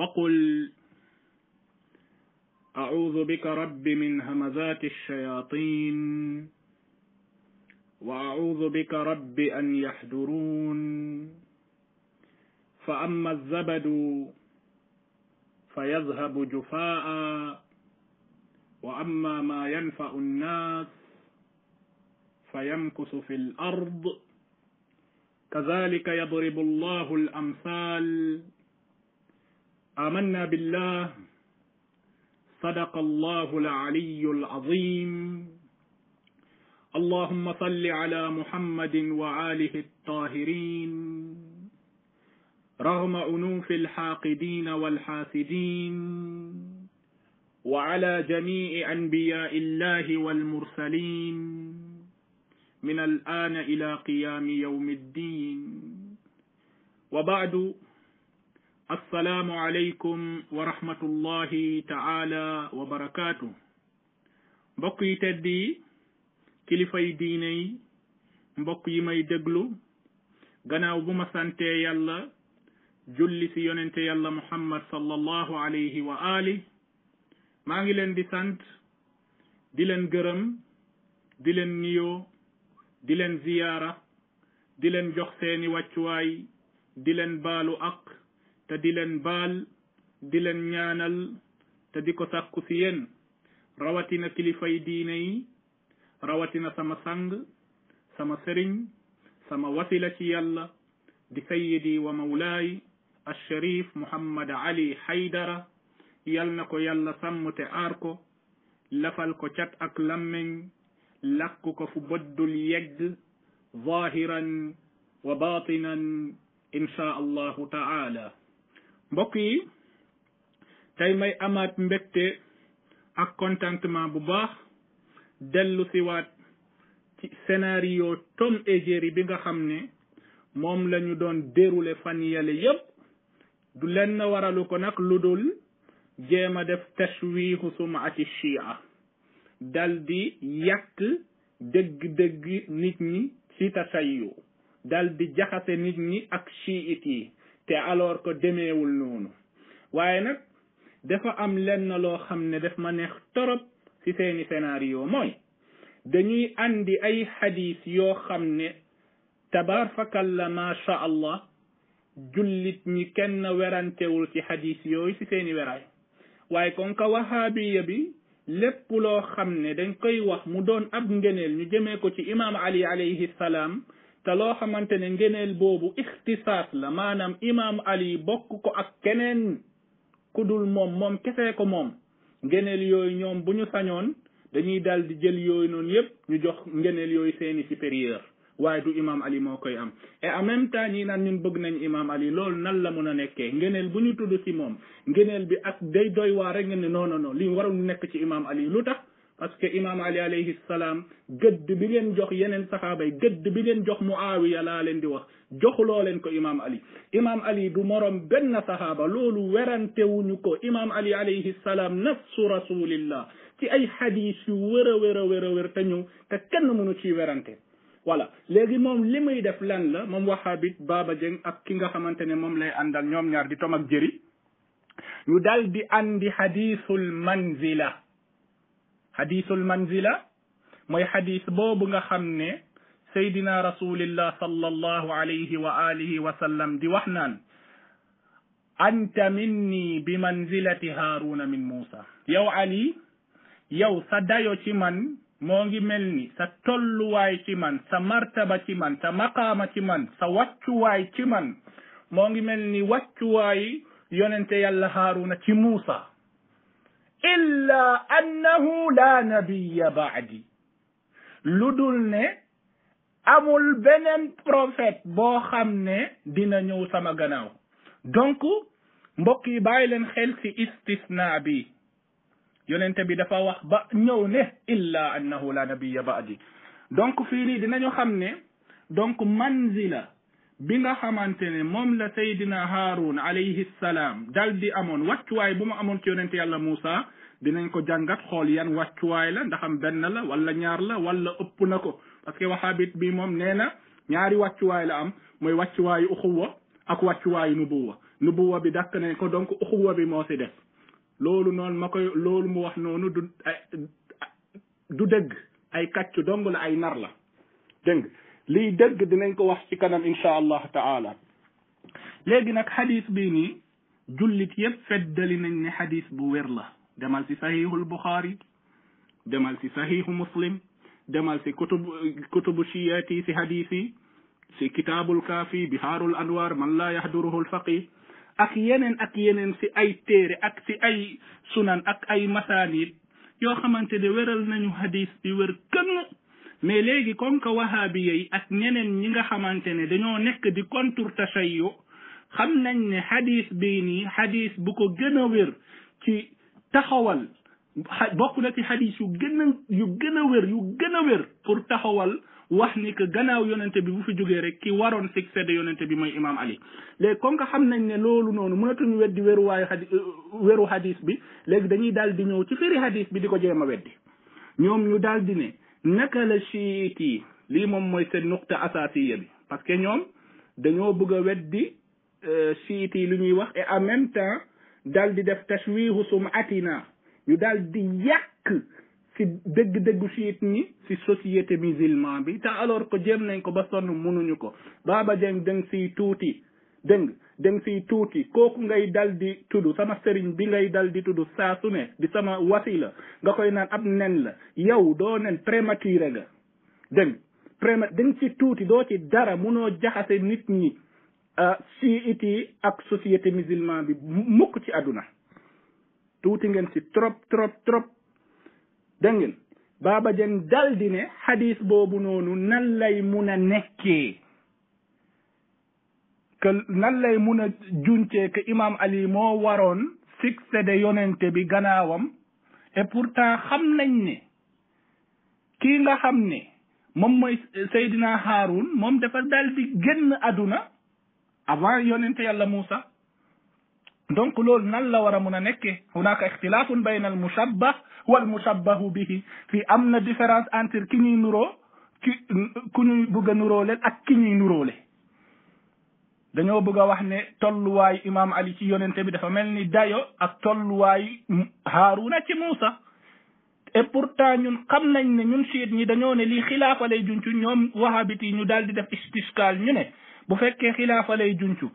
وقل أعوذ بك رب من همزات الشياطين وأعوذ بك رب أن يحضرون فأما الزبد فيذهب جفاء وأما ما ينفع الناس فيمكث في الأرض كذلك يضرب الله الأمثال آمنا بالله صدق الله العلي العظيم اللهم صل على محمد وآله الطاهرين رغم أنوف الحاقدين والحاسدين وعلى جميع أنبياء الله والمرسلين من الآن إلى قيام يوم الدين وبعد assalaamu aleykum wa rahmatullahi taala wa barakaatu mbokk yi tedd yi kilifa mbokk yi may déglu gannaaw bu ma santee yàlla julli ci yonente yàlla muhammad sallallahu alayhi wa ali maa ngi leen di sant di leen gërëm di leen niyoo di leen ziyaara di leen jox seeni wàccuwaay di leen baalu ak te di leen baal di leen ñaanal te di ko sàkku si rawatina kilifay diine rawatina sama sang sama sëriñ sama wasila ci yàlla di sayidi wa mawlaay alsharif muhammad ali haydara yal na ko yalla sàmm te lafal ko cat ak làmmeñ làkk ko fu bëddul yegg zahiran wa batinan insha allahu ta'ala mbokk yi tey may amaat mbégte ak contentement bu baax dellu siwaat ci scénario Tom et bi nga xam ne moom lañu doon dérule fan yale yépp du lenn waralu ko nag lu dul jéem a def tashwiihu suma ati chia dal di yàq dëgg-dëgg nit ñi ci tasayu dal di jaxase nit ñi ak chiit yi te alors que demeewul noonu waaye nag dafa am lenna loo xam ne daf ma neex torop ci seeni scénario mooy dañuy andi ay xadis yoo xam ne tabarakalla ma sha allah jullit ñi kenn werantewul ci xadis yooyu ci seeni weraay waaye kon ka wahaabiya bi lépp loo xam ne dañ koy wax mu doon ab ngëneel ñu jëmee ko ci imaam ali alayhi salaam te loo xamante ne ngeneel boobu ixtisaas la maanaam imaam ali bokk ko ak keneen ku dul moom moom kesee ko moom ngeneel yooyu ñoom bu ñu sañoon dañuy daal di jël yooyu noonu yépp ñu jox ngeneel yooyu seeni supérieur waaye du imaam ali moo koy am e en même temps ñi naan ñun bëgg nañ imaam ali loolu nan la mun a nekkee ngeneel bu ñu tudd ci moom ngeneel bi ak day doy waa rek ngeen ne non li non li waroon nekk ci imaam ali lu tax parce que imaam ali alayhi salaam gëdd bi ngeen jox yeneen saxaaba yi gëdd bi ngeen jox mu muawiya laa leen di wax joxuloo leen ko imaam ali imaam ali du moroom benn saxaaba loolu werantewuñu ko imaam ali alayhi salaam nafsu rasulillah ci ay xadis yu wér a wér a wér a wér te ñëw werante voilà léegi moom li muy def lan la moom waxaabit baaba Dieng ak ki nga xamante ne moom lay àndal ñoom ñaar di tom ak jëri ñu dal di andi xadisul manzila xadisul manzila mooy xadis boobu nga xam ne saydina rasulillah sallallahu alayhi wa alihi wa sallam di wax naan anta minni bi manzilati haaruna min muusa yow ali yow sa dayo ci man moo ngi mel ni sa tolluwaay ci man sa martaba ci man sa maqaama ci man sa wàccuwaay ci man ngi mel ni yonente yàlla haaruna ci muusa illa annahu la nabiya baadi lu dul ne amul beneen prophète boo xam ne dina ñëw sama gannaaw donc mbokk yi bàyyi leen xel istisna bi yonente bi dafa wax ba ñëw ne illa annahu la nabiya baadi donc fii nii dinañu xam ne donc manzila bi nga xamante ne moom la saydina haarun alayhi salaam dal di amoon wàccuwaay bu mu amoon ci yonente yàlla Moussa dinañ ko jàngat xool yan wàccuwaay la ndaxam benn la wala ñaar la wala ëpp na ko parce que waxaabit bi moom nee na ñaari wàccuwaay la am mooy wàccuwaayu uxuwa ak wàccuwaayu nubuwa nubuwa bi dakk nañ ko donc uxuwa bi moo si def loolu noonu ma koy loolu mu wax noonu du eh, du dëgg ay kàcc dong la ay nar la dégg liy dëgg dinañ ko wax ci kanam incha allah taala léegi nag xadis bi nii jullit yépp feddali nañ ne xadis bu wér la demal ci saxiixul buxaari demal ci saxiixu muslim demal si kutub kutubu shiyaat yi ci xadis yi ci kitaabul kaafi bihaarul man laa yahduruhu lfaqih ak yeneen ak yeneen si ay téere ak ci ay sunan ak ay masaanid yoo xamante ne wéral nañu xadis bi wér kënn mais léegi comme que wahaabiya yi ak ñeneen ñi nga xamante ne dañoo nekk di contour tashayyu xam nañ ne xadis bi nii xadis bu ko gën a wér ci taxawal bokk na ci xadis yu gën a yu gën a wér yu gën a pour taxawal wax ni que gannaaw yonente bi bu fi jógee rek ki waroon succéder yonente bi mooy imam Ali léegi comme que xam nañ ne loolu noonu mënatuñu weddi wéruwaayu xadi wéru xadis euh, bi léegi dañuy daal di ñëw ci firi xadis bi di ko jéem ma weddi ñoom ñu daal di ne naka la chiite yi lii moom mooy seen nuqta asaasiya parce que ñoom dañoo bëgg a weddi chiite euh, yi lu ñuy wax e en même temps dal di def tashwihu sumatina ñu daal di yàq ci dëgg-dëggu chiite ñi ci société musulman bi ta alors ko jéem nañ ko ba sonn mënuñu ko Baba Dieng dëng si tuuti dëng da nga tuuti kooku ngay daldi di tudd sama sëriñ bi ngay dal di tudd saa ne di sama wasila nga koy naan ab nen la yow doo nen prématuré nga dégg préma ci tuuti doo ci dara munoo jaxase nit ñi chiite ah, yi ak société musulman bi mukk ci àdduna tuuti ngeen ci trop trop trop dégg ngeen baaba jen dal ne xadiis boobu noonu nan lay mun a nekkee que nan lay mun a juñcee que imaam Ali moo waroon succédé yonente bi gannaawam et pourtant xam nañ ne kii nga xam ne moom mooy Seydina Haarun moom dafa dal di génn àdduna avant yonente yàlla Muusa donc loolu nan la war a mun a nekkee hunaka ixtilaafun bayna al mushabbah wal mushabbahu bihi fii am na différence entre ki ñuy nuroo ki ku ñuy ak ki ñuy nuroole dañoo bëgg a wax ne tolluwaayu imaam ali ci yonente bi dafa mel ni dayo ak tolluwaayu haaruna ci muusa et pourtant ñun xam nañ ne ñun siit ñi dañoo ne lii xilaafa lay juncu ñoom wahabit yi ñu daal di def istisqal ñu bu fekkee xilaafa lay juncu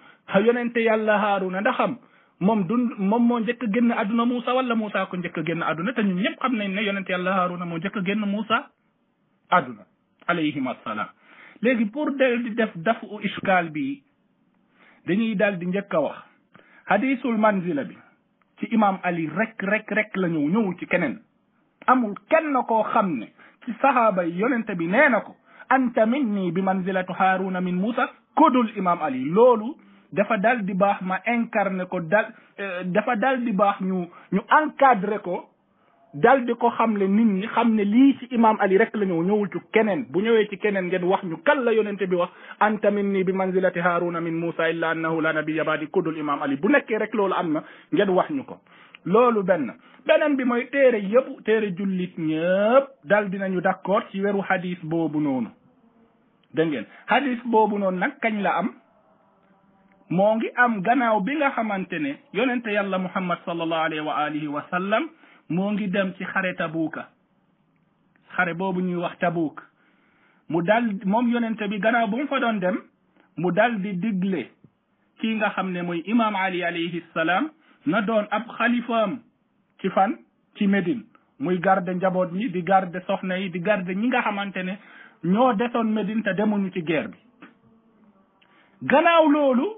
yonente yàlla haaruna ndaxam moom du moom moo njëkk a génn àdduna Muusa wala Muusa ko njëkk a génn àdduna te ñun ñëpp xam nañ ne yonente yàlla haaruna moo njëkk a génn Muusa àdduna alayhim assalaam léegi pour del dañuy daal di njëkk a wax hadisul manzila bi ci imam ali rek rek rek la ñëw ñëwul ci keneen amul kenn koo xam ne ci sahaaba yonente bi nee na ko anta minni bi manzilatu haaruna min muusa kodul imam ali loolu dafa dal baax ma incarné ko dal eh, dafa dal di baax ñu ñu encadré ko dal di ko xamle nit ñi xam ne lii ci imam ali rek la ñëw ñëwul ci keneen bu ñëwee ci keneen ngeen wax ñu kan la yonente bi wax anta min nii bi manzilati haruna min muusa illa annahu la nabiyya ba'di kudul imam ali bu nekkee rek loolu am na ngeen wax ñu ko loolu benn beneen bi moy téere yëpp téere jullit ñëpp dal dinañu d'accord ci weru hadis boobu noonu dégg ngeen hadis boobu noonu nag kañ la am moo ngi am gannaaw bi nga xamante ne yonente yàlla muhammad sallallahu alayhi wa alihi wa sallam moo ngi dem ci xare tabuuka xare boobu ñuy wax tabuuk mu dal moom yonente bi gannaaw bu fa doon dem mu dal di digle kii nga xam ne mooy imaam ali alayhi salaam na doon ab xalifaam ci fan ci Médine muy garde njaboot ñi di garde soxna yi di garde ñi nga xamante ne ñoo desoon Médine te demuñu ci geer bi gannaaw loolu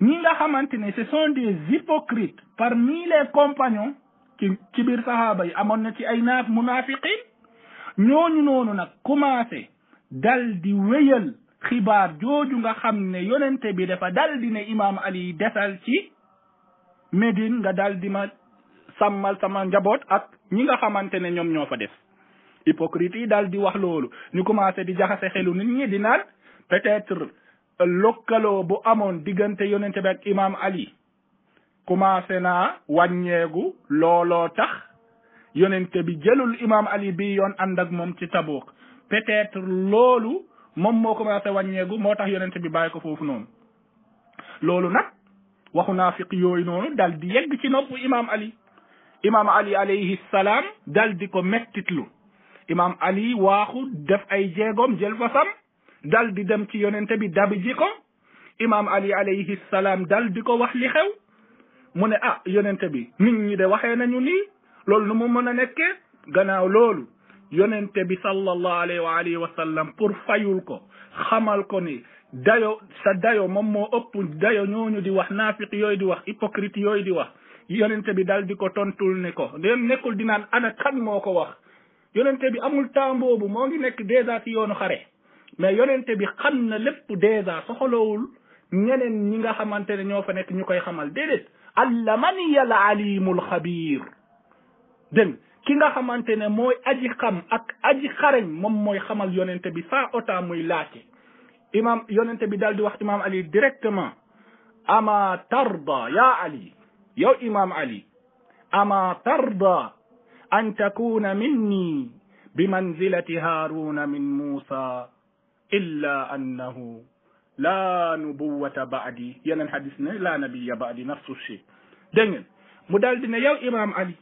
ñi nga xamante ne ce sont des hypocrites parmi les compagnons ci ci biir sahaaba yi amoon na ci ay naaf munaafiqin ñooñu noonu nag commencé dal di xibaar jooju nga xam ne yonente bi dafa dal di ne imaam Ali desal ci Médine nga daldi ma sàmmal sama njaboot ak ñi nga xamante ne ñoom ñoo fa def hypocrite yi dal di wax loolu ñu commencé di jaxase xelu nit ñi di naan peut-être lokkaloo bu amoon diggante yonente bi ak imaam Ali commencé naa wàññeegu looloo tax yonente bi jëlul imam ali bi yoon ànd ak moom ci tabuuk peut loolu moom moo commencé wàññeegu moo tax yonente bi bàyyi ko foofu noonu loolu nag waxu naafiq yooyu noonu dal di yegg ci nopp ali imam ali alayhi salaam dal di ko mettitlu imam ali waaxu def ay jéegoom jël fasam dal di dem ci yonente bi dabi ji ko imam ali alayhi salaam dal di ko wax xew mu ne ah yonente bi nit ñi de waxee nañu ni loolu nu mu mën a nekkee gannaaw loolu yonente bi sallallahu alayhi wa alihi wa sallam pour fayul ko xamal ko ni dayo sa dayo moom moo ëpp dayo ñooñu di wax naafiq yooyu di wax hypocrite yooyu di wax yonente bi dal di ko tontul ni ko dem nekkul di naan ana kan moo ko wax yonente bi amul temps boobu moo ngi nekk dèjà yoonu xare mais yonente bi xam na lépp dèjà soxalowul ñeneen ñi nga xamante ne ñoo fa nekk ñu koy xamal déedéet allamani al alimul xabir dégg ki nga xamante ne mooy aji xam ak aji xarañ moom mooy xamal yonente bi saa ota muy laajte imam yonente bi daal di wax imam ali directement ama tarda ya ali yow imam ali ama tarda an takuna minni bi manzilati haaruna min muusa illa annahu laa nubuwata baadi yeneen xadis ne laa nabiya baadi nafsu shi dégg ngeen mu daldi di ne yow imaam Ali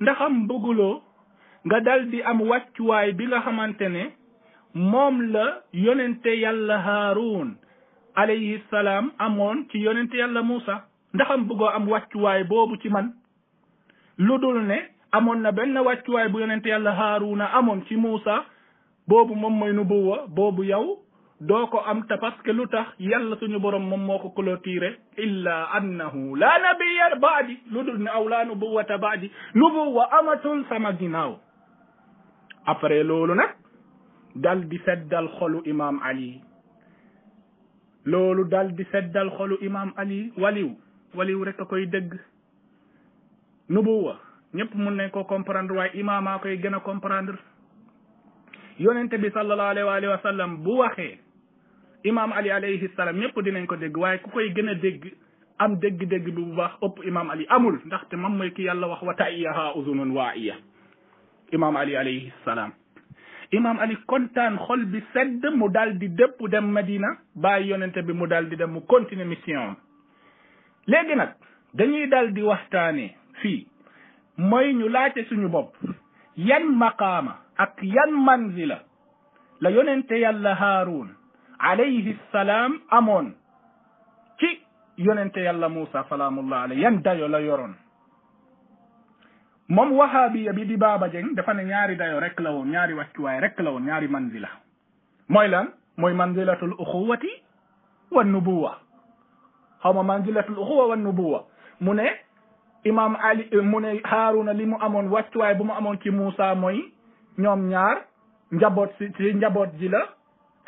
ndax am nga daldi am wàccuwaay bi nga xamante ne moom la yonente yàlla Haarun alayhi salaam amoon ci yonente yàlla Muusa ndax am am wàccuwaay boobu ci man lu dul amoon na benn wàccuwaay bu yonente yàlla Haaruna amoon ci Muusa boobu moom mooy nubuwa boobu yow doo ko am te parce que lu tax yàlla suñu borom moom moo ko clôturé illa annahu la nabiya baadi lu dul ne aw la baadi nubuwa amatul sama ginnaaw après loolu na dal di seddal xolu imam ali loolu dal di seddal xolu imam ali waliw waliw rek koy dëgg nubuwa ñëpp mun nañ ko comprendre waaye imaamaa koy gën a comprendre yonente bi sallallahu alayhi wa sallam bu waxee imaam ali alayhi salaam ñëpp dinañ ko dégg waaye ku koy gën a dégg am dégg-dégg bi bu baax ëpp imaam ali amul ndaxte moom mooy ki yàlla wax wa taiyaha uzunun waa'iya imaam ali alayhi salaam imaam ali kontaan xol bi sedd mu daal di dëpp dem madina bàyyi yonente bi mu daal di dem mu continuer mission léegi nag dañuy daal di waxtaane fii moy ñu laajte suñu bopp yan maqaama ak yan manzila la yonente yàlla haaruun alayhi salaam amoon ci yonente yàlla Moussa salaamullah alayhi yan dayo la yoroon moom wahaabiya bi di Baaba Jeng defane ne ñaari dayo rek la woon ñaari wàccuwaay rek la ñaari manzila mooy lan mooy manzilatul uxuwati wa nubuwa xaw ma manzilatul uxuwa wa nubuwa mu ne imaam Ali mu ne Haaruna li mu amoon wàccuwaay bu mu amoon ci Moussa mooy ñoom ñaar njaboot njaboot ji la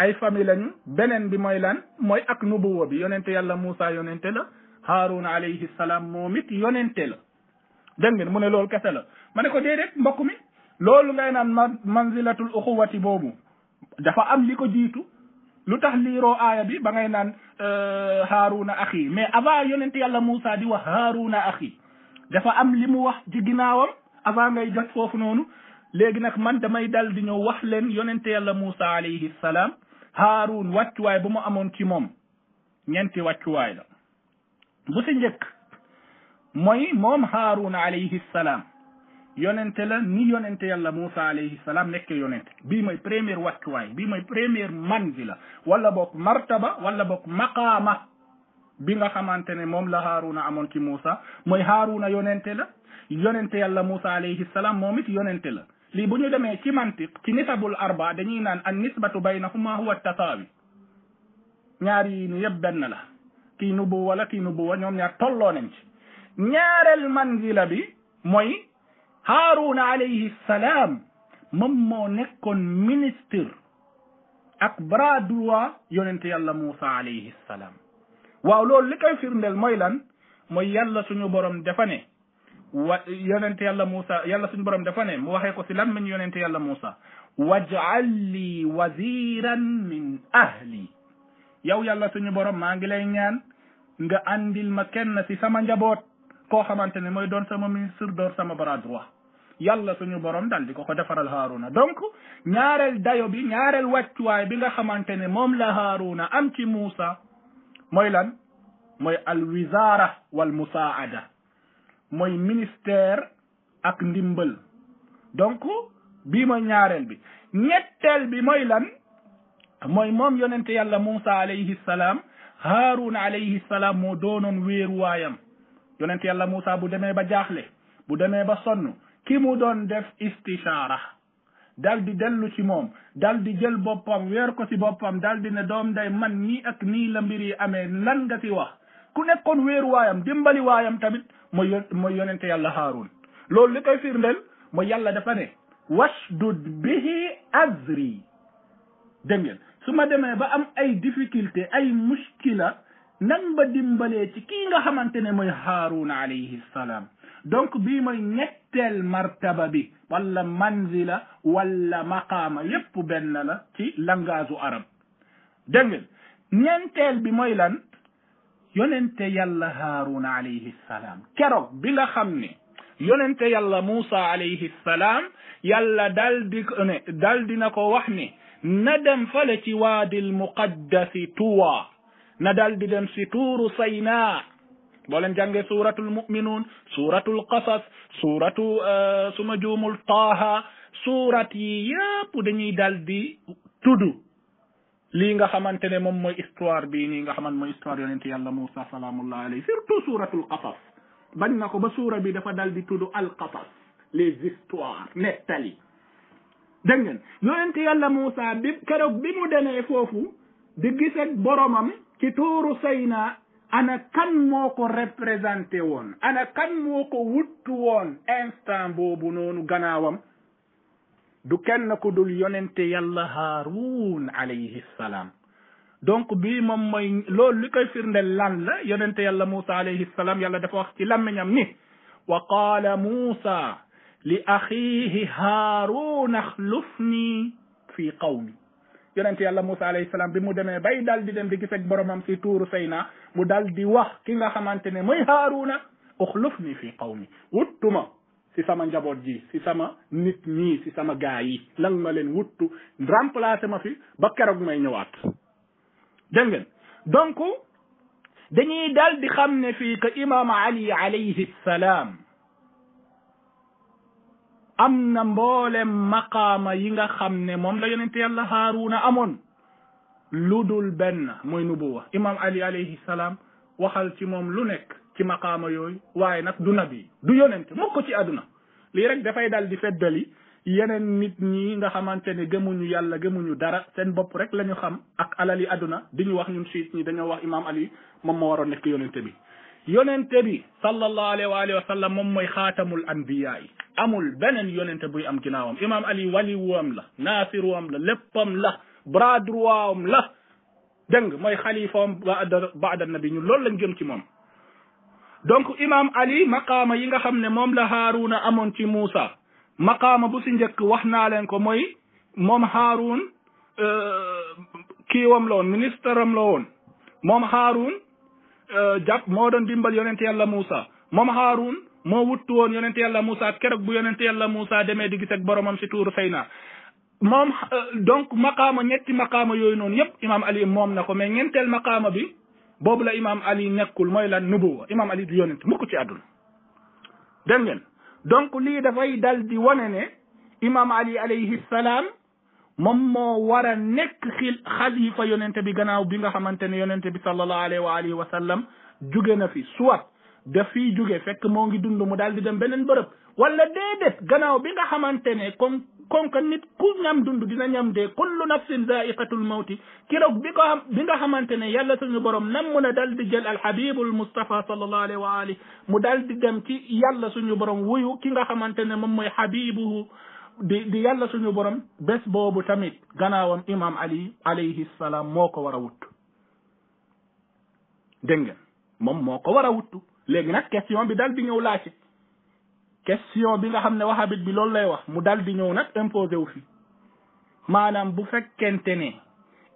ay famille lañu beneen bi mooy lan mooy ak nubuwa bi yonente yàlla Moussa yonente la Haarun alayhi salaam moom it yonente la dégg ngeen mu ne loolu kese la ma ne ko déedéet mbokk mi loolu ngay naan man manzilatul uxuwati boobu dafa am li ko jiitu lu tax liiroo aaya bi ba ngay naan euh, Haaruna axi mais avant yonente yàlla Moussa di wax Haaruna axi dafa am li mu wax ci ginnaawam avant ngay jot foofu noonu léegi nag man damay dal di ñëw wax leen yonente yàlla Moussa alayhi salaam haaruun wàccuwaay bu mu amoon ci moom ñeenti wàccuwaay la bu si njëkk mooy moom haaruun alayhi salaam yonente la ni yonente yàlla Muusa alayhi salaam nekk yonente bii mooy première wàccuwaay bii mooy première manzila wala boog martaba wala bokk maqaama bi nga xamante ne moom la haaruna amoon ci Muusa mooy haaruna yonente la yonente yàlla Muusa alayhi salaam moom it yonente la lii bu ñu demee ci mantiq ci nisabul arba dañuy naan an nisbatu baynahuma huwa tataawi ñaar yi ni yëpp benn la kii nubuwa wala kii nubuwa ñoom ñaar tolloo nañ ci ñaareel manzila bi mooy haaruna alayhi salaam moom moo nekkoon ministre ak bras droit yonente yàlla Muusa alayhi salaam waaw loolu li koy firndeel mooy lan mooy yàlla suñu borom dafa ne wa yonente yàlla Moussa yàlla suñu borom dafa ne waxee ko si làmmiñ yonente yàlla Moussa waj'al li waziran min ahli yow yàlla suñu borom maa ngi lay ñaan nga andil ma kenn si sama njaboot koo xamante ne mooy doon sama ministre doon sama bras droit yàlla suñu borom daal di ko ko defaral Haaruna donc ñaareel dayo bi ñaareel wàccuwaay bi nga xamante ne moom la Haaruna am ci muusa mooy lan mooy al wizaara wal musaada mooy ministère ak ndimbal donc bii mooy ñaareel bi ñetteel bi moy lan mooy moom yonente yàlla Muusa alayhi salaam Haarun alayhi salaam moo doonoon wéeruwaayam yonente yàlla Muusa bu demee ba jaaxle bu demee ba sonn ki mu doon def istishaara dal dellu ci moom daldi di jël boppam weer ko ci boppam dal di ne doom man nii ak nii la mbir yi amee lan nga ci wax ku nekkoon wéeruwaayam dimbali waayam tamit mooy yonente yàlla Haarun loolu li koy firndeel mooy yàlla dafa ne washdud bihi azri dégg su ma demee ba am ay difficulté ay muskila nan ba dimbalee ci kii nga xamante ne mooy Haarun alayhi donc bii mooy ñetteel martaba bi wala manzila wala maqaama yépp benn la ci langage u arab dégg ngeen bi mooy lan yonente yàlla haaruna alayhi salaam keroog bi nga xam ne yonente yàlla muusa alayhi salaam yàlla dal di dina ko wax ne na dem fale ci waadil muqaddasi tuwa na dal di dem si tuuru sayna boo leen jàngee suuratul muminuun suuratul qasas suuratu euh, suma juumul taaha suurat yi yëpp dañuy dal lii nga xamante ne moom mooy histoire bii nii nga xamante mooy histoire yonent yàlla Moussa salaamullah alayhi surtout suuratul qasas bañ na ko ba suura bi dafa dal di tudd al qasas les histoires nettali dégg ngeen yonent yàlla Moussa bi keroog bi mu demee foofu di gis ak boromam ci tuuru Sayna ana kan moo ko représenté woon ana kan moo ko wuttu woon instant boobu noonu gannaawam du kenn ku dul yonente yàlla haaruun alayhi salaam donc bii moom mooy loolu li koy firndeel lan la yonente yàlla Muusa alayhi salaam yàlla dafa wax ci làmmiñam ni wa qaala Muusa li axiihi haaruun axlufnii fii qawmi yonente yàlla Muusa alayhi salaam bi mu demee bay dal di dem di gis ak boromam si tuuru Sayna mu dal di wax ki nga xamante ne mooy haaruuna axlufnii fii qawmi wuttuma si sama njaboot ji si sama nit ñi si sama gaa yi lan ma leen wuttu remplacer ma fi ba keroog may ñëwaat dégg ngeen donc dañuy dal di xam ne fii que imaam ali alayhi salaam am na mboole maqama yi nga xam ne moom la yonente yàlla haaruna amoon lu dul benn mooy nubuwa imaam ali alayhi salaam waxal ci moom lu nekk ci maqaama yooyu waaye nag du nabi du yonent mukk ci àdduna lii rek dafay dal di feddali yeneen nit ñi nga xamante ne gëmuñu yàlla gëmuñu dara seen bopp rek la ñu xam ak alal yi àdduna di ñu wax ñun siit ñi dañoo wax imaam Ali moom moo waroon nekk yonente bi yonente bi sallallahu alayhi wa alihi wa sallam moom mooy xaatamul anbiya yi amul beneen yonente buy am ginnaawam imaam Ali waliwam la naasiruwam la léppam la bras droitam la dégg mooy xalifaam bada nabi ñun loolu lañ gëm ci moom donc imam ali maqaama yi nga xam ne moom la haaruna amoon ci muusa makaama bu si njëkk wax naa leen ko mooy moom haarun euh, kiiwam la woon ministre am la woon moom haarun euh, jàpp moo doon dimbal yonent yàlla muusa moom haarun moo wuttu woon yonent yàlla muusa keroog bu yonent yàlla muusa demee di gis ak boromam si tuuru sayna moom euh, donc maqaama ñetti maqaama yooyu noonu yépp imam ali moom na ko mais ñenteel maqaama bi boobu la imaam Ali nekkul mooy lan nubuwa imaam Ali du yonent mukk ci àdduna dégg donc lii dafay dal di wane ne imaam Ali alayhi salaam moom moo war a nekk xil xalifa yonente bi gannaaw bi nga xamante ne yonente bi sallallahu alayhi wa alihi wa jóge na fi soit daf fiy jóge fekk moo ngi dund mu daal di dem beneen bërëb wala déedéet gannaaw bi nga ne comme comme que nit ku ñam dund dina ñam dee kullu nafsin zaiqatul mawti kiroog bi ko bi nga xamante ne yàlla suñu nan nam mun a dal di jël alhabibul mustafa sallallahu alayhi wa ali mu dal di dem ci yàlla suñu borom wuyu ki nga xamante ne moom mooy habibuhu di di yàlla suñu borom bés boobu tamit gannaawam imam ali alayhi salaam moo ko war a wut dégg ngeen moom moo ko war a wut léegi nag question bi dal di ñëw laajte question bi nga xam ne waxabit bi loolu lay wax mu dal di ñëw nag imposé wu fi maanaam bu fekkente ne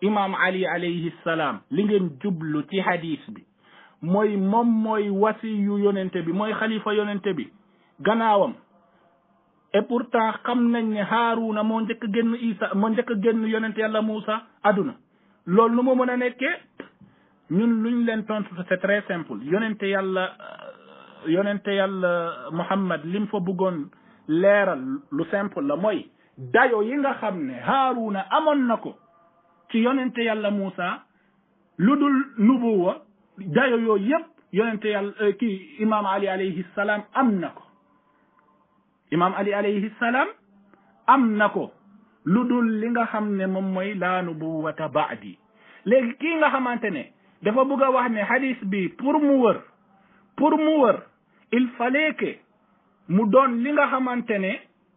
imaam ali alayhi salaam li ngeen jublu ci hadis bi mooy moom mooy wasi yu yonente bi mooy xalifa yonente bi gannaawam et pourtant xam nañ ne haaruna moo njëkk a génn isa moo njëkk a yonente yàlla muusa aduna loolu nu mu mën a nekkee ñun luñ leen tontu c'est très simple yonente yàlla yonente yàlla Muhammad lim fo bëggoon leeral lu simple la mooy dayo yi nga xam ne Haaruna amoon na ko ci yonente yàlla Muusa lu dul nubuwa dayo yooyu yëpp yonente yàlla euh, kii imaam Ali alayhi salaam am na ko imaam Ali alayhi salaam am na ko lu dul li nga xam ne moom mooy laa nubuwata baadi léegi kii nga xamante ne dafa bëgg wax ne hadis bi pour mu wër pour mu wër il fallait que mu doon li nga xamante ne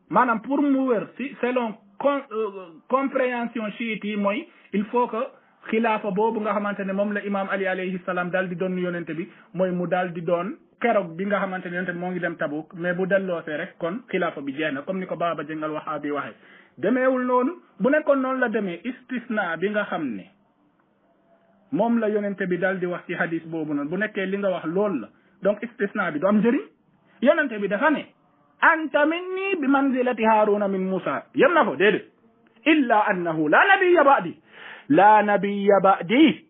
maanaam pour mu wér si selon con euh, compréhension chiite yi mooy il faut que xilaafa boobu nga xamante ne moom la imam ali alayhi salaam daal di doon yonente bi moy mu daal di doon keroog bi nga xamante ne moo ngi dem Tabuk mais bu delloosee rek kon xilaafa bi jeex na comme ni ko Baba wax waxaa bi waxee demeewul noonu bu nekkoon noonu la demee istisna bi nga xam ne moom la yonente bi daal di wax ci hadis boobu noonu bu nekkee li nga wax loolu la donc istisna bi du am njëriñ yonente bi dafa ne anta minni bi manzilati haaruna min moussa yem na ko déedéet illa annahu la nabiya ba'di la nabiya ba'di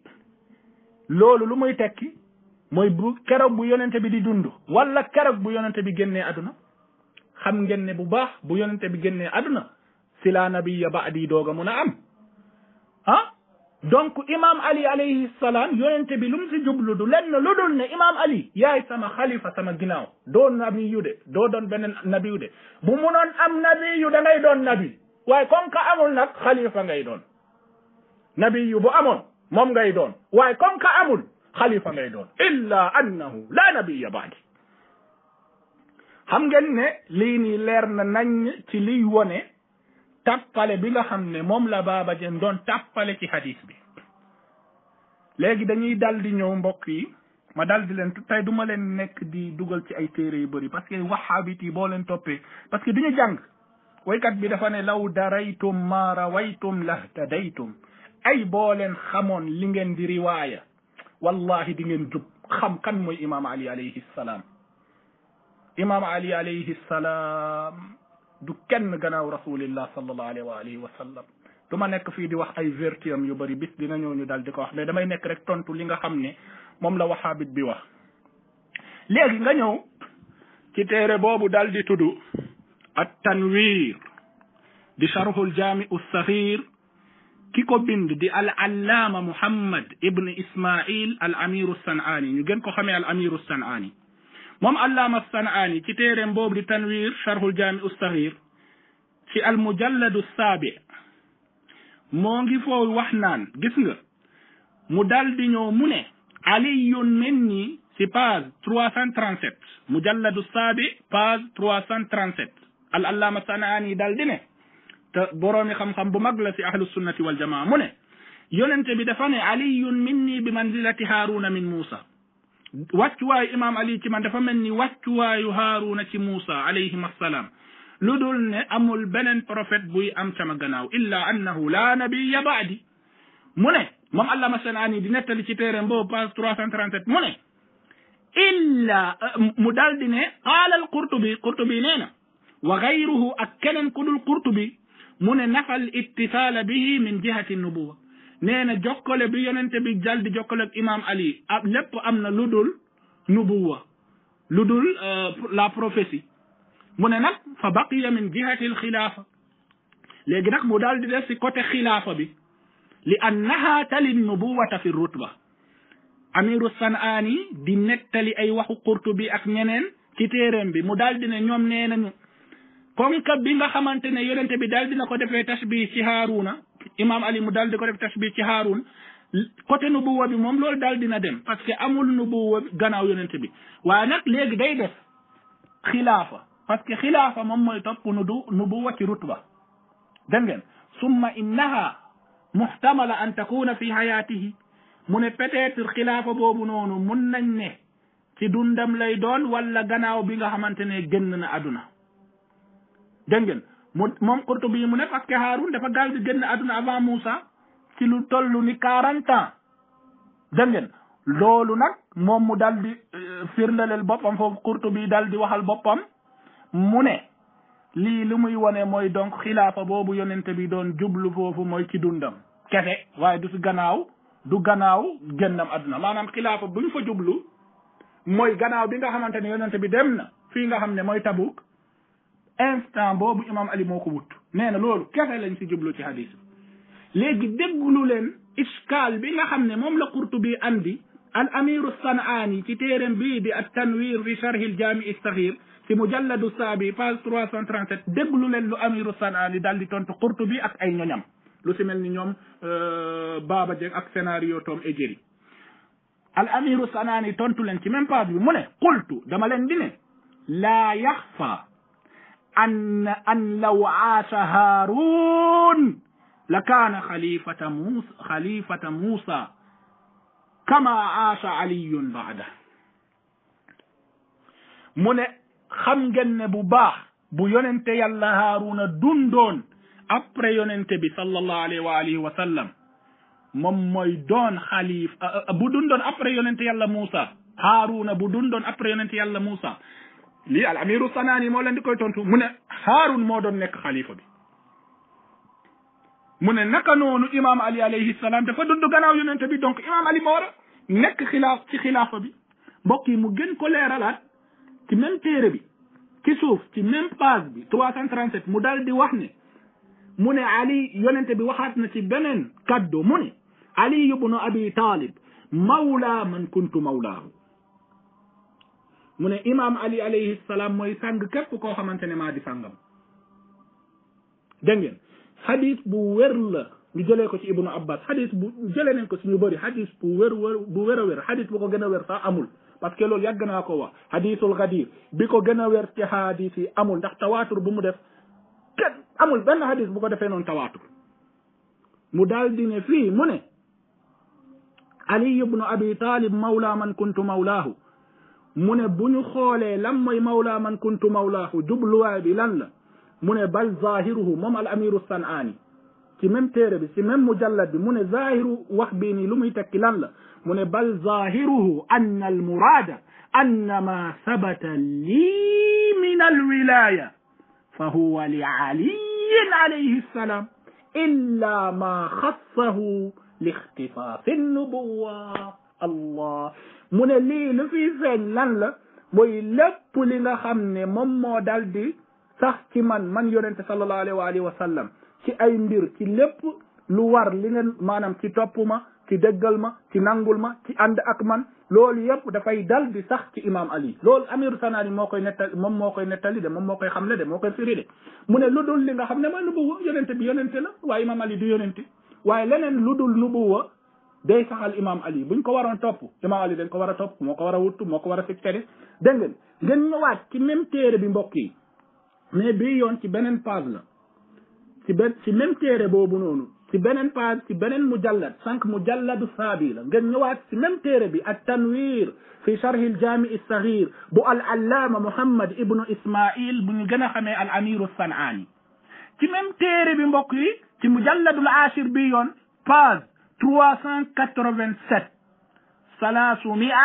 loolu lu moy tekki mooy bu keroog bu yonente bi di dund walla keroog bu yonente bi génnee aduna xam ngeen bu baax bu yonente bi génnee aduna si la nabiya ba'di dooga mun a am ah donc imaam Ali alayhi salaam yonente bi lu mu si jublu du lenn lu dul ne imaam Ali yaay sama xalifa sama ginnaaw doo nabiyu de doo doon beneen nabiyu de bu munoon am nabiyu da ngay doon nabi waaye comme que amul nag xalifa ngay doon nabiyu bu amoon moom ngay doon waaye comme que amul xalifa ngay doon illa annahu la nabiya baadi xam ngeen ne lii nii leer na nañ ci liy wone tàppale bi nga xam ne moom la baaba Dieng doon tàppale ci hadis bi léegi dañuy dal di ñëw mbokk yi ma dal di leen tey du ma leen nekk di dugal ci ay téere yu bëri parce que waxaabit yi boo leen toppee parce que duñu jàng waykat bi dafa ne law daraytum ma rawaytum lahtadaytum ay boolen leen xamoon li ngeen di riwaaya wallahi di ngeen jub xam kan mooy imaam ali alayhi salaam imaam ali alayhi salaam du kenn gannaaw rasulillah sallallahu alayhi wa alihi wa sallam du ma nekk fii di wax ay vertu am yu bari bis dina ñëw ñu dal di ko wax mais damay nekk rek tontu li nga xam ne moom la waxaabit bi wax léegi nga ñëw ci téere boobu dal di tudd at tanwir di charhul jaamiu saxiir ki ko bind di al allaama muhammad ibn ismail al amiru sanaani ñu gën ko xamee al amiru sanaani moom allaama sanaani ci téeréem boobu di tanwir charhul jaami ustahir ci al mujalladu saabi moo ngi foo wax naan gis nga mu daldi di ñëw mu ne aliyun min ni ci page trois cent trente sept mujalladu saabi page trois cent trente sept al allaama sanaani dal di ne te boroomi bu mag la ci ahlu sunnati wal jamaa mu ne yonente bi dafa ne aliyun minni bi manzilati haaruna min muusa wàccuwaayu imaam ali ci man dafa mel ni wàccuwaayu haaruna ci muusa alayhim assalaam lu dul ne amul beneen prophète buy am sama gannaaw illa annahu la nabiya baadi mu ne moom allama sanaani di nettali ci téere boobu page trois cent trente-sept mu ne illa mu daldi ne qaala al qurtubi qurtubi nee na wa gayruhu ak keneen ku dul qurtubi mu ne nafa al ittisaala bihi min jihati nubuwa nee na jokkale bi yonente bi jal di jokkale ak ali ab lépp am na lu dul nubuwa lu dul euh, la prophétie mu ne nag fa baqiya min jihatil xilaafa léegi nag mu daal di def si côté xilaafa bi li annaha tali nubuwata fi rutba amiru sanaani di nettali ay waxu qurtubi ak ñeneen ci téeréem bi mu daal di ne ñoom nee nañu comme bi nga xamante ne yonente bi daal dina ko defee tashbih ci haaruna imam ali mu daal di ko def tasbih ci haarun côté nubuwa bi moom loolu daal dina dem parce que amul nubuwa gannaaw yonent bi waa nag léegi day def xilaafa parce que xilaafa moom mooy topp nudu nubuwa ci rutba dégg ngeen summa innaha muhtamala an takuna fi hayatihi mu ne peut-être boobu noonu mun nañ ne ci dundam lay doon wala gannaaw bi nga xamante ne génn na àdduna dégg mu moom bi mu ne parce que Haarun dafa gaal di génn àdduna avant Moussa ci lu toll ni quarante ans dégg ngeen loolu nag moom mu dal di euh, firndaleel boppam foofu Qurtubi dal di waxal boppam mu ne lii li muy wone mooy donc xilaafa boobu yonente bi doon jublu foofu mooy ci dundam kese waaye du si gannaaw du gannaaw gennam àdduna maanaam xilaafa bu ñu fa jublu mooy gannaaw bi nga xamante ne yonente bi dem na fii nga xam ne mooy Tabuk instant boobu imaam Ali moo ko na loolu kese lañ si jublu ci hadis bi léegi déglu leen iskaal bi nga xam ne moom la bi andi al amiru sanaani ci téeram bii di at tanwir fi charhi l jaamii saxir ci mujalladu saabi page 337 déglu leen lu amiru sanaani daal di tontu Qurtubi ak ay ñoñam lu si mel ni ñoom euh, Baba Dieng ak scénario Tom et Jerry al amiru sanaani tontu leen ci même page bi mu ne qultu dama leen di ne yaxfa أن أن لو عاش هارون لكان خليفة موسى خليفة موسى كما عاش علي بعده mu ne xam ngeen ne bu baax bu yonente yàlla Haaruna dundoon après yonente bi sallallahu alayhi wa alihi wa sallam moom mooy doon xalif euh, euh, bu dundoon après yonente yàlla Muusa Haaruna bu dundoon après yonente yàlla Muusa lii al amiru sanaani moo leen di koy tontu mu haarun moo doon nekk xalifa bi mu ne naka noonu imam ali alayhi salaam dafa dund gannaaw yonente bi donc imam ali moo nekk xilaaf ci bi mbokk yi mu gën ko leeralaat ci même téere bi ci suuf ci même bi 337 mu dal di wax ne mu ne ali yonente bi waxaat na ci benen kaddu mu ne ali ibnu abi talib mawla man kuntu mawlaahu mu ne imaam ali alayhi salaam mooy sàng képp koo xamante ne maa di sàngam dégg ngeen bu wér la ñu jëlee ko ci ibnu abbas hadith bu jëlee nañ ko ci ñu bëri hadith bu wér wér bu bu ko gën a wér amul parce que loolu yàgg naa ko wax hadithul gadir bi ko gën a wér ci hadith amul ndax tawaatur bu mu def kenn amul benn hadith bu ko defee noonu tawaatur mu daal di ne fii mu ne ali ibnu abi talib mawla man kuntu mawlaahu mu ne bu ñu xoolee lan mooy mawlaa man kuntu mawlaahu jubluwaay bi lan la mu ne bal zahiruhu moom al amiru sanaani ci même téere bi ci même mujallad bi mu ne zahiru wax bii nii lu muy tekki lan la mu ne bal zahiruhu anna al muraada anna ma sabata lii min al wilaaya fa huwa li aliyin alayhi salaam illa ma xassahu li ixtifaasi nubuwa allah mu ne lii lu fiy feeñ lan la mooy lépp li nga xam ne moom moo dal di sax ci man man yonente sallallahu alayhi wa alihi wa sallam ci ay mbir ci lépp lu war li nga maanaam ci topp ma ci déggal ma ci nangul ma ci ànd ak man lool yëpp dafay dal di sax ci imam ali loolu amiru sanaani moo koy nettali moom moo koy nettali de moom moo koy xamle de moo koy firi de mu ne lu dul li nga xam ne ma nubuwa yonente bi yonente la waaye imam ali du yonente waaye leneen lu dul nubuwa day saxal imam ali buñ ko waroon topp imam ali dañ ko war a topp moo ko war a wut moo ko war a sectari dégg ngeen ngeen ñëwaat ci même téere bi mbokk yi mais bii yoon ci beneen page la ci benn ci même téere boobu noonu ci beneen page ci beneen mujallad cinq mujalladu saabi la ngeen ñëwaat ci même téere bi at tanwir fi charhi al jaami al saghir bu al allaama muhammad ibnu ismail bu ñu gën a xamee al amiru sanaani ci même téere bi mbokk yi ci mujalladul ashir bi yoon page trois cent quatre-vingt-sept salaasumia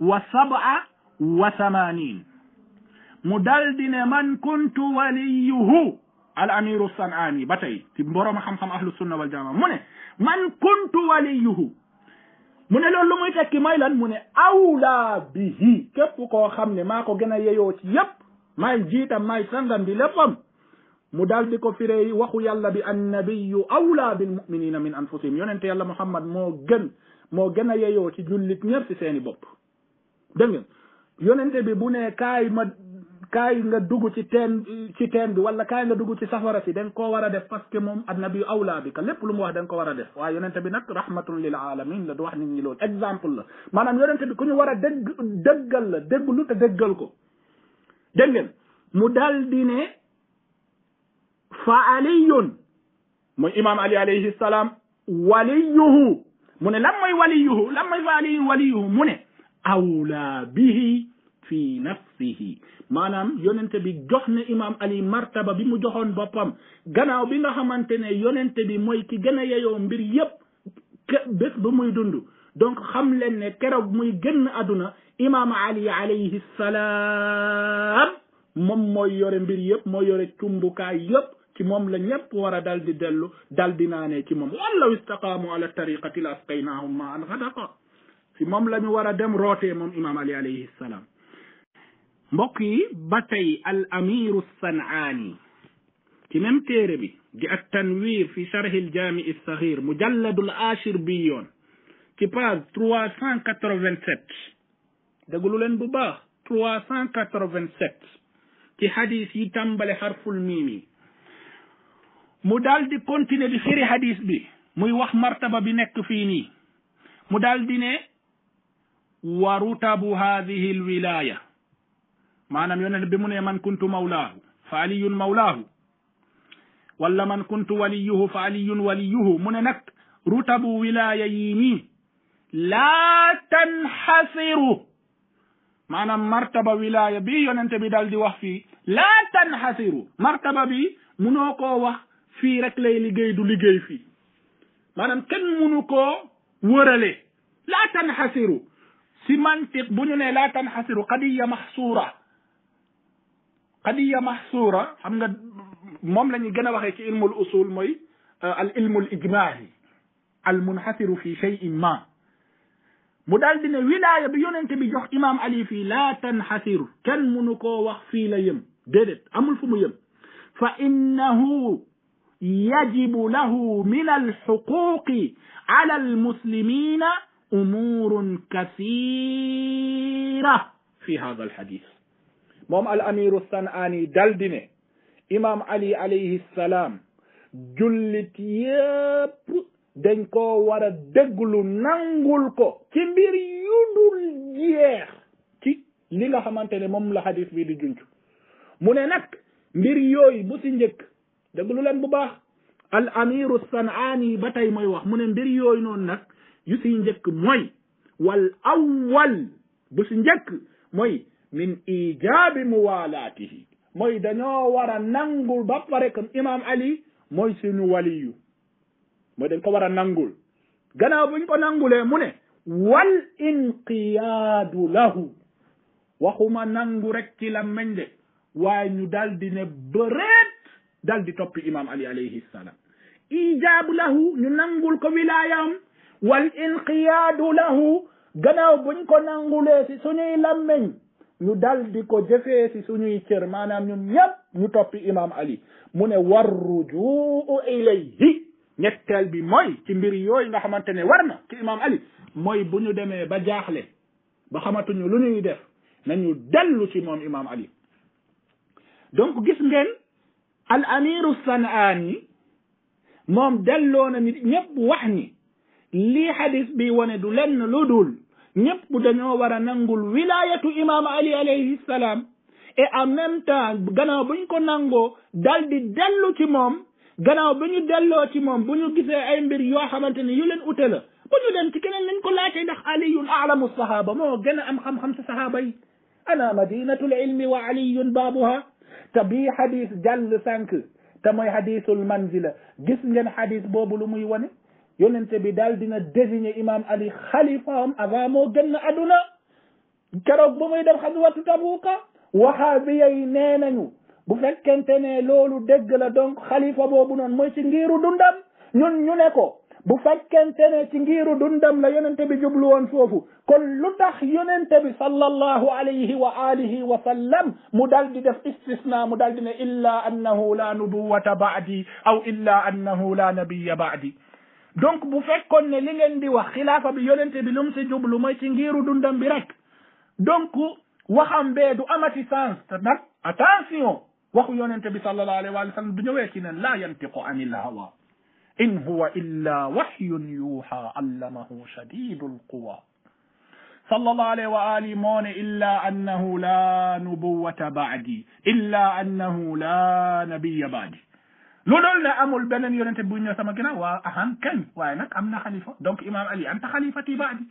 wa sab'a wa samaaniin mu dal di ne man kuntu waliyuhu al amiru sanaani ba tey ci boroom xam-xam ahlu sunna wal jamaa mu ne man kuntu waliyuhu mu ne loolu lu muy tekki mooy lan mu ne awlaa bihi képp koo xam ne maa ko gën a yeyoo ci yépp maay jiitam maay sangam bi léppam mu daal di ko firee waxu yàlla bi annabiyu awla bil muminina min anfusihim yonente yàlla muhammad moo gën moo gën a yeyoo ci jullit ñëpp ci seeni bopp dégg ngeen yonente bi bu ne kaay ma kaay nga dugg ci teen ci teen bi wala kaay nga dugg ci safara si da nga koo war a def parce que moom annabiyu awla bi ka lépp lu mu wax da nga ko war a def waaye yonente bi nag rahmatun lil alamin la du wax nit ñi loolu exemple la maanaam yonente bi ku ñu war a dégg déggal la dégglu te déggal ko dégg ngeen ne fa aliyun mooy imaam ali alayhi salaam waliyuhu mu ne lan mooy waliyuhu lan mooy fa aliyun waliyuhu mu ne awlaa bihi fi nafsihi maanaam yonente bi jox na imaam ali martaba bi mu joxoon boppam gannaaw bi nga xamante ne yonente bi mooy ki gën a yeyoo mbir yépp bés ba muy dund donc xam leen ne keroog muy génn àdduna imaam ali alayhi salaam moom mooy yore mbir yépp mooy yore cumbukaay yépp ci moom la ñépp war a dal di dellu dal di naanee ci moom walaw istaqaamu ala tariqati la asqaynaahum ma an xadaqa si moom la ñu war a dem rootee moom imaam ali alayhi salaam mbokk yi ba tey al amiru sanaani ci même téere bi di at tanwir fi charhi l jaamii saxir mujalladul achir bi yoon ci page trois cent quatre vingt sept déglu leen bu baax trois cent quatre vingt sept ci hadis yi tàmbale xarful miim yi mu daal di continuer di firi hadis bi muy wax martaba bi nekk fii nii mu daal di ne wa rutabu hadihi alwilaya maanaam yonent bi mu ne man kuntu mawlaahu fa aliyun mawlaahu wala man kuntu waliyuhu fa aliyun waliyuhu mu ne nag rutabu wilaya yii nii laa tanxasiru maanaam martaba wilaya bi yonent bi daal di wax fii laa tanxasiru martaba bi munoo koo wax fii rek lay liggéey du liggéey fii maanaam kenn munu koo wërale laa tanxasiru si mantiq bu ñu ne laa tanxasiru qadiya maxsuura qadiya maxsuura xam nga moom la ñuy gën a waxee ci ilmul usul mooy euh, al ilmul ijmaahi al munxasiru fi cheyin ma mu daal di ne wilaaya bi yonente bi jox imam ali fii laa tanxasiru kenn munu koo wax fii la yëm déedéet amul fu mu yëm fa innahu يجب له من الحقوق على المسلمين أمور كثيرة في هذا الحديث moom al amiru san'aani daldi ne imaam ali alayhi salaam jullit yépp dañ koo war a déglu nangul ko ci mbir yu dul jeex ci li nga xamante ne moom la xadis bi di junj mu ne nag mbir yooyu bu si njëkk déglu leen bu baax al amiru sanaani ba tey mooy wax mu ne mbir yooyu noonu nag yu si njëkk mooy wal awwal bu si njëkk moy min ijaabi muwaalaatihi mooy dañoo war a nangul ba pare comme imam ali mooy suñu waliyu mooy dañ ko war a nangul gannaaw buñ ko nangulee mu ne wal inqiyaadu lahu waxuma nangu rek ci la meñ de ñu daldi ne bëreet dal di toppi imam ali alayhi salaam ijaabu lahu ñu nangul ko wilaayam wal inqiyaadu lahu gannaaw buñ ko nangulee si suñuy lammeñ ñu dal ko jëfee si suñuy cër maanaam ñun ñëpp ñu toppi imaam ali mu ne war rujuu ilayhi ñetteel bi mooy ci mbir yooyu nga xamante ne war ci imam ali mooy bu ñu demee ba jaaxle ba xamatuñu lu ñuy def nañu dellu ci moom imam ali donc gis ngeen al amiru sanaani moom delloo na nit ñëpp wax ni lii xadis bi wane du lenn lu dul ñëpp dañoo war a nangul wilayatu imam ali alayhi salaam et en même temps gannaaw bu ko nangoo dal di dellu ci moom gannaaw bu ñu delloo ci moom bu ñu ay mbir yoo xamante ne yu leen ute la bu ñu dem ci keneen lañ ko laajte ndax aliyun alamu sahaba moo gën a am xam-xam sa sahaba yi ana wa aliyun baabuha te bii xadis jàll sànq te mooy xadisul manzila gis ngeen xadis boobu lu muy wane yonente bi daal dina désigner imam ali xalifaam avant moo génn aduna keroog ba muy def xaswatu tabuuka waxaabiya yi nee nañu bu fekkente ne loolu dégg la donc xalifa boobu noonu mooy ci ngiru dundam ñun ñu ko bu fekkente ne ci ngiiru dundam la yonente bi jublu woon foofu kon lu tax yonente bi sallallahu alayhi wa alihi wa sallam mu dal def istisna mu dal di ne illa annahu la nubuwata baadi aw illa annahu la nabiya baadi donc bu fekkoon ne li ngeen di wax xilaafa bi yonente bi lu mu si jublu mooy ci ngiiru dundam bi rek donc waxam bee du amati sens te nag attention waxu yonente bi sallallahu alayhi wa sallam du ñëwee ci ne la yantiqu anil in huwa illa wahyun yuha allamahu shadidul quwa sallallahu alayhi wa ali moo ne illa annahu la nubuwata baadi illa annahu la nabiya baadi lu dool ne amul beneen yonente bu ñëw sama ginnaaw waa ahan kañ waaye nag am na xalifa donc imam ali anta xalifati baadi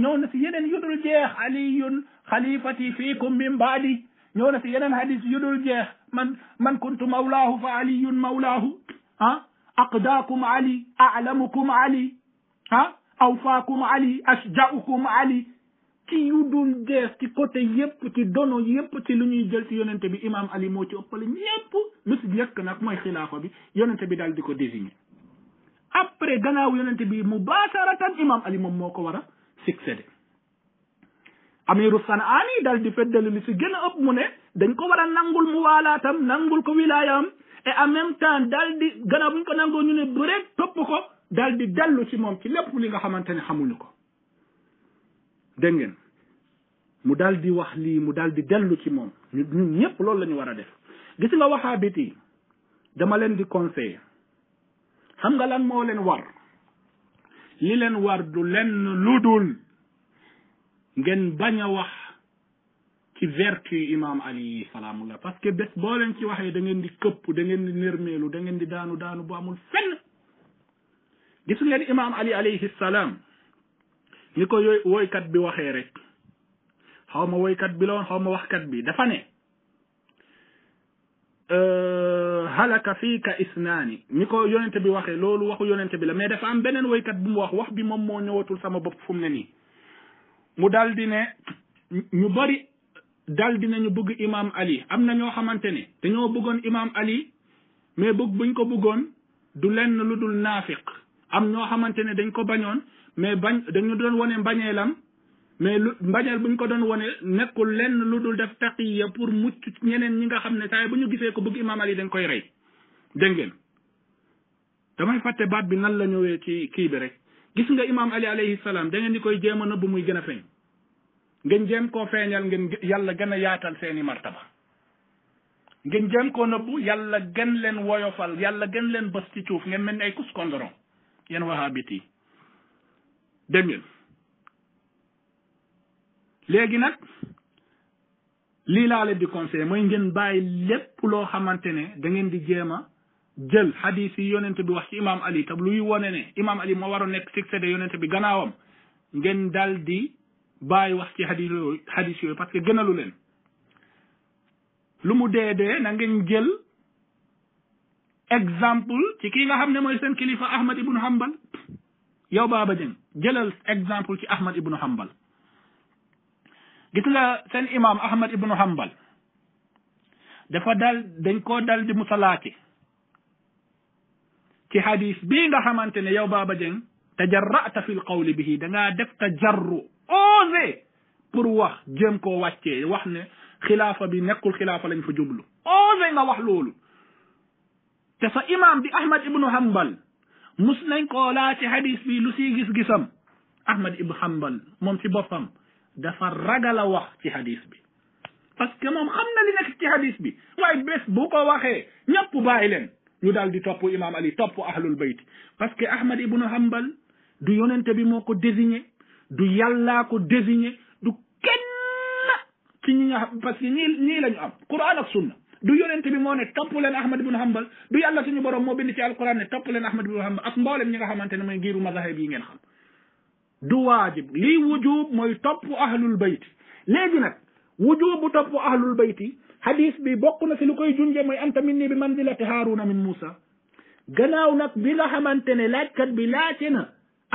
ñëw na si yeneen yu dul jeex aliyun xalifati fiikum min baadi ñëw na si yeneen hadis yu dul jeex man man kuntu mawlaahu fa aliyun mawlaahu ah aqdaakum ali alamukum ali ah awfaakum ali asjaukum ali ci yu dul jeex ci côté yépp ci dono yépp ci lu ñuy jël ci yonente bi imam ali moo ci ëppale ñépp lu si njëkk nag mooy xilaafa bi yonente bi daal di ko désigné après gannaaw yonente bi mubaasharatan imam ali moom moo ko war a succédé amiru sanaani daal di feddali li si gën a mu ne dañ ko war a nangul mu nangul ko wilaayam et en même temps daal di bu ñu ko nangoo ñu ne bu rek topp ko daal di dellu ci moom ci lépp li nga xamante ne xamuñu ko dégg mu daldi wax lii mu daal di dellu ci moom ñun ñëpp loolu la ñu war a def gis nga waxaa biti dama leen di conseiller xam nga lan moo leen war li leen war du lenn lu dul ngeen bañ a wax ci vertu imam ali yi salaamullah parce que bés boo leen ci waxee da ngeen di këpp da ngeen di nërmeelu da ngeen di daanu daanu bu amul fenn gis ngeen imam ali alayhi salaam ni ko yooy woykat bi waxee rek xaw ma woykat bi la woon xaw ma waxkat bi dafa ne euh, halaka fiika isnaani ni ko yonente bi waxee loolu waxu yonente bi la mais dafa am beneen woykat bu mu wax wax bi moom moo ñëwatul sama bopp fu mu ne nii mu daal di ne ñu bari dal ñu bëgg imaam Ali am na ñoo xamante ne dañoo bëggoon imaam Ali mais bu ñu ko bëggoon du lenn lu dul naafiq am ñoo xamante ne dañ ko bañoon mais bañ dañu doon wone mbañeelam mais lu mbañeel buñ ko doon wone nekkul lenn lu dul def taqiya pour mucc ñeneen ñi nga xam ne saa bu ñu gisee ko bëgg imaam Ali dañ koy rey dégg ngeen damay fatte baat bi nan la ñëwee ci kii bi rek gis nga imaam Ali alayhi salaam da di koy jéem a nëbb muy gën a feeñ. ngeen jéem koo feeñal ngeen yàlla gën a yaatal seeni martaba ngeen jéem koo nëbbu yàlla gën leen woyofal yàlla gën leen bës ci suuf ngeen mel ni ay kuskondoron yéen wahabit yi dégg ngeen léegi nag lii laa leen di conseil mooy ngeen bàyyi lépp loo xamante ne da ngeen di jéem a jël hadis yi yonent bi wax ci imam ali te luy wone ne imam ali moo war a nekk succédé yonent bi gannaawam ngeen dal bàyyi wax ci yooyu xadis yooyu parce que gënalu leen lu mu dee dee na ngeen jël exemple ci kii nga xam ne mooy seen kilifa Ahmad ibnu Hanbal yow Baba Dieng jëlal exemple ci Ahmad ibnu Hanbal gis nga seen imam Ahmad ibnu Hanbal dafa dal dañ koo dal di musalaaki ci xadis bii nga xamante ne yow baaba Dieng tajarrata fi l qawli bihi dangaa def osé pour wax jéem koo wàccee wax ne xilaafa bi nekkul xilaafa lañ fa jublu osé nga wax loolu te sa imam bi ahmad ibnu hanbal mus nañ koo laa ci bi lu siy gis-gisam ahmad ibnu hanbal moom ci boppam dafa ragal a wax ci hadis bi parce que moom xam na li nekk ci hadis bi waaye bés bu ko waxee ñëpp bàyyi leen ñu daal di topp imam ali topp ahlul bayt parce que ahmad ibnu hanbal du yonente bi moo ko désigné du yàllaa ko désigné du kenn ci ñi nga parce que ñii ñii la ñu am quran ak sunna du yonent bi moo ne topp leen ahmad ibn hanbal du yàlla suñu borom moo bind ci alquran ne topp leen ahmad ibn hanbal ak mboolem ñi nga xamante ne mooy giiru mazahib yi ngeen xam du waajib lii wujub mooy topp ahlul bayti léegi nag wujubu topp ahlul bayti hadis bi bokk na si lu koy junje mooy anta minni bi manzilati haaruna min muusa gannaaw nag bi nga xamante ne laajkat bi laajte na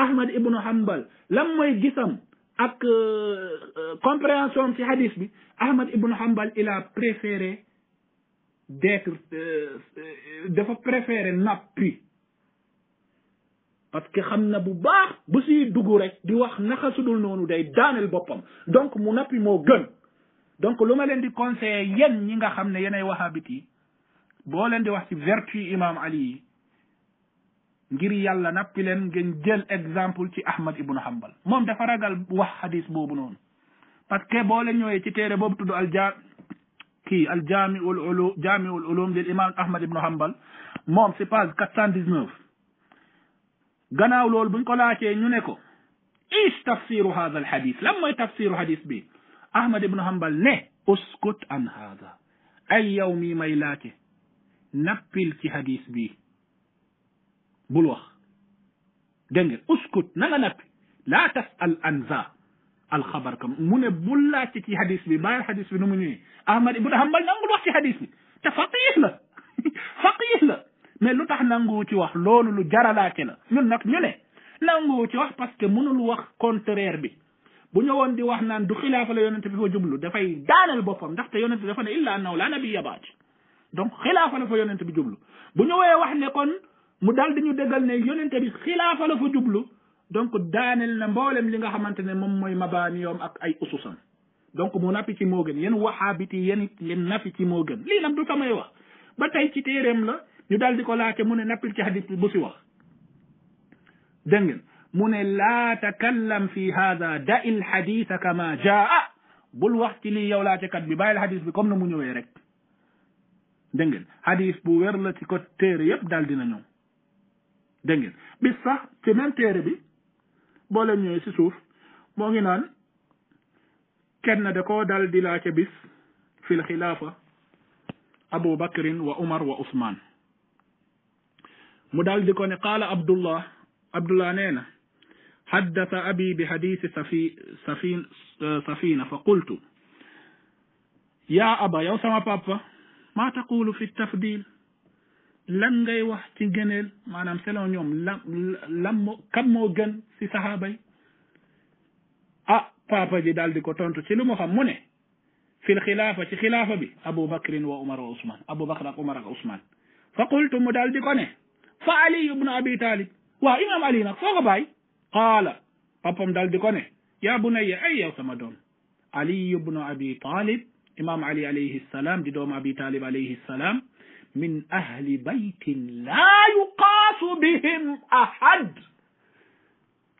ahmad ibnu hanbal lan mooy gisam ak euh, compréhension ci hadis bi ahmad ibnu hanbal il a préféré d'être euh, dafa préféré nappi parce que xam na bu baax bu siy dugg rek di wax naka sudul noonu day daaneel boppam donc mu nappi moo gën donc lu ma leen di conseiller yéen ñi nga xam ne yéenay wahabit yi boo leen di wax ci vertu imam ali ngir yàlla nappi leen ngeen jël exemple ci Ahmad ibn Hanbal moom dafa ragal wax hadis boobu noonu parce que boo leen ñëwee ci téere boobu tudd al ja kii al jamiul ulum jamiul ulum lil imam Ahmad ibn Hanbal moom si page quatre cent dix neuf gannaaw loolu buñ ko laajee ñu ne ko is tafsiru hadha al hadis lan mooy tafsiru hadis bi Ahmad ibn Hanbal ne uskut an hadha ay yow mii may laajte nappil ci hadis bi bul wax dégg nga uskut na nga al laa tasal anza alxabar kam mu ne bul laajte ci hadis bi bàyyil hadis bi nu mu ñëwee ahmad ibnu hambal nangul wax ci hadis bi te faqih la faqih la mais lu tax nanguwu ci wax loolu lu jaralaate la ñun nag ñu ne nanguwu ci wax parce que mënul wax contraire bi bu ñëwoon di wax naan du xilaafa la yonente bi fa jublu dafay daanal boppam ndaxte yonente dafa ne illa annahu la nabiyya baat donc xilaafa la fa yonente bi jublu bu ñëwee wax ne kon mu daal di ñu déggal ne yonente bi xilaafa la fa jublu donc daaneel na mboolem li nga xamante ne moom mooy mabaaniyoom ak ay ususam donc mu nappi ci moo gën yéen waxaabiti yéen ngeen nappi ci moo gën lii nag du samay wax ba tey ci téeréem la ñu daal di ko laajte mu ne nappil ci hadith bu si wax dégg ngeen mu ne laa takallam fi hada da il haditha kama jaa bul wax ci lii yow laatekat bi bàyyil hadith bi comme na mu ñëwee rek dégg ngeen hadith bu wér la ci ko téere yépp daal na ñëw dégg ngeen bis sax ci même téere bi boo leen ñëwee kenn da koo dal abu bakrin wa umar wa usman mu dal di ko ne qaala abdullah abdullah nee na xaddasa abi bi xadiisi safina fa qultu yaa aba yow sama papa maa taqulu fi tafdil lan ngay wax ci gëneel maanaam selon ñoom lan lan moo kan moo gën si saxaaba yi ah papa daal di ko tontu ci lu mu xam mu ne fil xilaafa ci xilaafa bi abu bakrin wa umar wa usman abu bakr ak umar ak usman fa qultu mu daal di ko ne fa ali ibnu abi talib imam ali nag foo ko bàyyi daal di ko ne yaa bunayya ay yow sama doom ali ibnu abi talib imam ali alayhi salaam di doomu abi min ahli baytin laa yuqaasu bihim ahad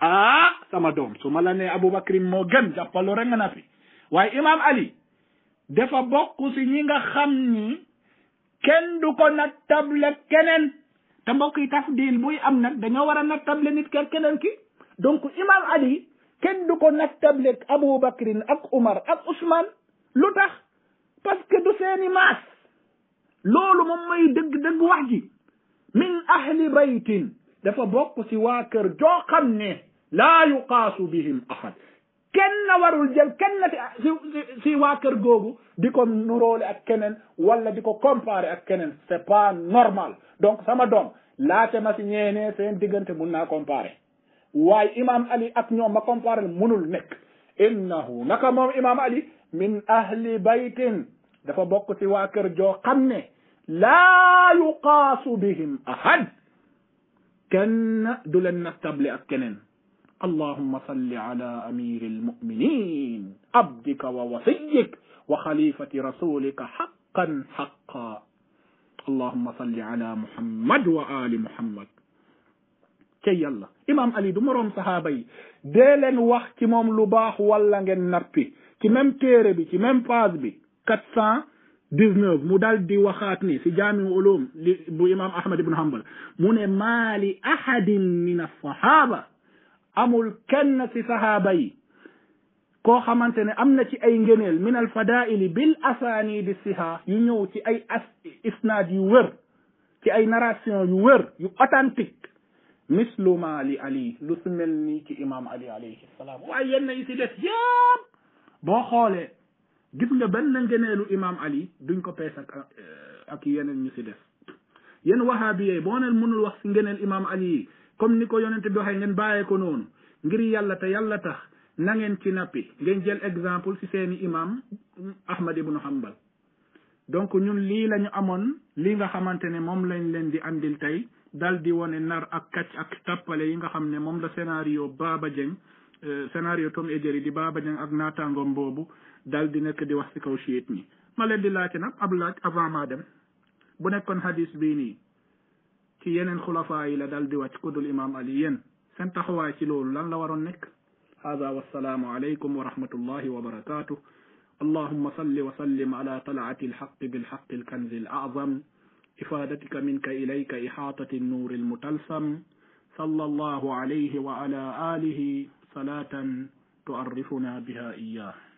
ah sama doom su ma la nee Aboubacry moo gën jàppalu rek nga na fi waaye imaam Ali dafa bokk si ñi nga xam ni kenn du ko nattable keneen te mbokk yi tafdil buy am nag dañoo war a nattable nit kenn keneen ki donc imaam Ali kenn du ko nattable Aboubacrin ak Umar ak Ousmane lu tax du seeni maas loolu moom mooy dëgg-dëgg wax ji min ahli baytin dafa bokk ci waa kër joo xam ne laa yuqaasu bihim ahad kenn warul jël kenn ah ci ci waa kër googu di ko nuróole ak keneen wala di ko comparer ak keneen c'est pas normal donc sama doom laate ma si ñeenee seen diggante mun naa comparer waaye imam ali ak ñoom ma comparer munul nekk innahu naka moom imam ali min ahli baytin dafa bokk ci waa kër joo xam ne laa yuqaasu bihim ahad kenn du leen nattable ak keneen allahuma salli ala amiri almuminin abdika wa wasiyik wa xalifati rasulika xaqan xaqa allahuma salli ala muhammad wa ali muhammad ca yàlla imam ali du moroom sahaaba yi dee leen wax ci moom lu baax wala ngeen nappi ci même téere bi ci même page bi quatre cent dix-neuf mu dal di waxaat ni si jaamiu ulum li bu imam ahmad ibn hanbal mu ne maali ahadin min as-sahaba amul kenn si sahaaba yi koo xamante ne am na ci ay ngëneel min alfadaili bil asanidi siha yu ñëw ci ay as isnaad yu wër ci ay narration yu wër yu authentique mislu ma li ali lu su ni ci imam ali alayhi salaam waaye yenn yi si des yëpp boo xoolee gis nga benn ngeneelu imam ali duñ ko pees ak eh, ak yeneen ñu si def yéen wahaabi yee boo neen mënul wax si ngeneel imam ali yi comme ni ko yonent bi waxee ngeen bàyyee ko noonu ngir yàlla te yàlla tax na ngeen ci nappi ngeen jël exemple si seeni imam ahmad ibnu hanbal donc ñun lii lañu amoon lii nga xamante ne moom lañ leen di andil tey dal di wone nar ak kacc ak tappale yi nga xam ne moom la scénario Baba Dieng eh, scénario Tom et Jerry di Baba Dieng ak naataangoom boobu daal di nekk di wax ci kaw chiit ñi ma leen di laajte nag ab laaj avant maa dem bu nekkoon hadis bii nii ci yeneen xulafaa yi la daal di wàcc ku dul imaam ali yéen seen taxawaay ci loolu lan la waroon nekk hada wassalaamu alaykum wa rahmatullahi wa barakatuh allahumma salli wa sallim ala talaati alxaqi bilxaqi alkanzi alazam ifadatika minka ilayka ihaatati nnuuri almutalsam sallallahu alayhi wa ala alihi salatan tuarrifuna biha iyah